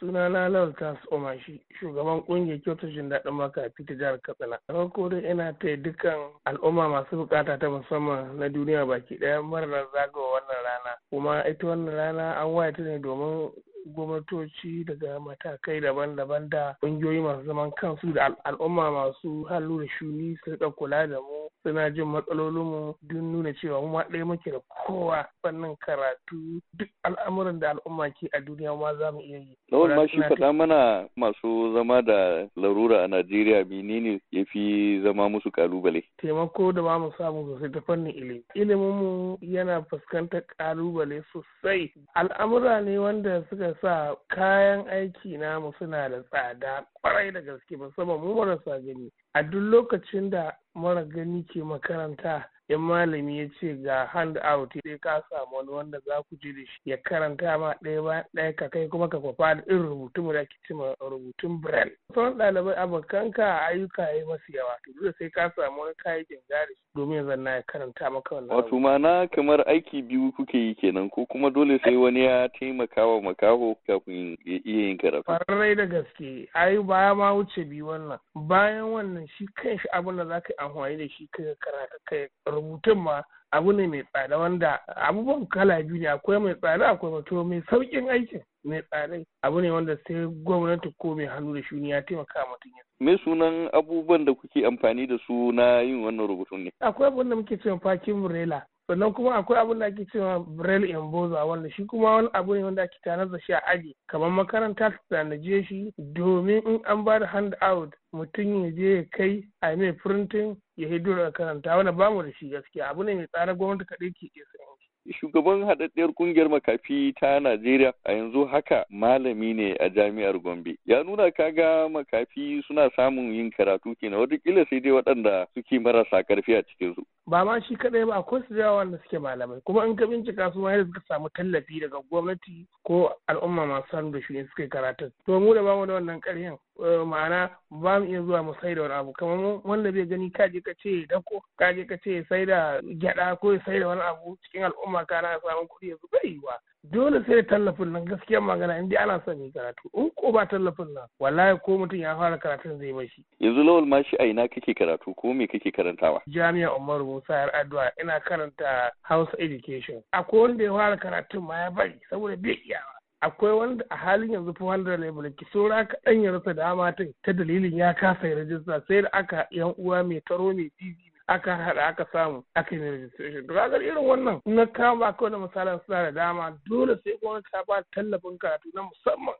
suna na lal tas omashi shugaban kungiyar kyautar jin daɗin makafi ta jihar katsina farko dai ina ta dukkan al'umma masu bukata ta musamman na duniya baki ɗaya marar zagawa wannan rana kuma ita wannan rana an waye ta ne domin gwamnatoci daga matakai daban-daban da ƙungiyoyi masu zaman kansu da al'umma masu hallu da shuni su rika kula da mu suna jin matsalolinmu duk nuna cewa mu ɗaya muke da kowa fannin karatu duk al'amuran da al'umma ke a duniya ma za mu iya yi. Lawan ma shi faɗa mana masu zama da larura a Najeriya menene ya fi zama musu kalubale. Taimako da ba mu samu sosai ta fannin ilimi. Ilimin mu yana fuskantar kalubale sosai. Al'amura ne wanda suka sa kayan aiki namu suna da tsada kwarai da gaske musamman mu marasa gani. A duk lokacin da mara gani ke makaranta in malami ya ce ga hand out sai ka samu wani wanda za ku je da shi ya karanta ma ɗaya ba ɗaya ka kai kuma ka kwafa da irin rubutun da ake cewa rubutun brand sauran ɗalibai abokanka a ayyuka ya masu yawa to dole sai ka samu wani kayayyakin gari domin zan na ya karanta maka wannan wato ma'ana kamar aiki biyu kuke yi kenan ko kuma dole sai wani ya taimaka wa makaho kafin ya iya yin karatu farrai da gaske ayi baya ma wuce biyu wannan bayan wannan shi kanshi abin da za ka yi amfani da shi ka karata kai rubutun ma abu ne mai tsada wanda abubuwan kala biyu ne akwai mai tsada akwai wato mai saukin aikin mai tsada abu ne wanda sai gwamnati ko mai hannu da shuni ya taimaka mutum ya me sunan abubuwan da kuke amfani da su na yin wannan rubutun ne akwai abin da muke cewa fakin murela sannan kuma akwai abin da ake cewa braille emboza wanda shi kuma wani abu ne wanda ake tanar da shi a aji kamar makaranta ta tanaje shi domin in an ba da hand out mutum ya je ya kai a mai printing ya hido da karanta wani bamu da shi gaskiya abu ne mai tsara gwamnati kaɗai ke iya shugaban haɗaɗɗiyar ƙungiyar makafi ta Najeriya a yanzu haka malami ne a jami'ar Gombe. Ya nuna kaga makafi suna samun yin karatu kenan watakila sai dai waɗanda suke marasa ƙarfi a cikinsu. ba ma shi kadai ba akwai su yawa wanda suke malamai kuma in ka bincika su ma yadda suka samu tallafi daga gwamnati ko al'umma masu sanu da shuni suka yi karatun to mu da bamu da wannan karyan eh, ma'ana ba mu iya zuwa mu sai da wani abu kamar wanda bai gani ka je ka ce dako ka je ka ce sai da gyada ko ya sai da wani abu cikin al'umma kana samun kuɗi yanzu bai yiwa dole sai tallafin nan gaskiya magana in dai ana son yi karatu in ko ba tallafin nan wallahi ko mutum ya fara karatun zai shi. yanzu lawal ma shi a ina kake karatu ko me kake karantawa jami'a Umar Musa yar Adwa ina karanta House Education akwai wanda ya fara karatun ma ya bari saboda bai iyawa akwai wanda a halin yanzu fa wanda ne sora saura kaɗan ya rasa dama ta dalilin ya kasa rajista sai da aka yan uwa mai taro mai tv aka haɗa aka samu aka yi registration to kaga irin wannan na kama ba da misalan suna da dama dole sai gwamnati ta ba tallafin karatu na musamman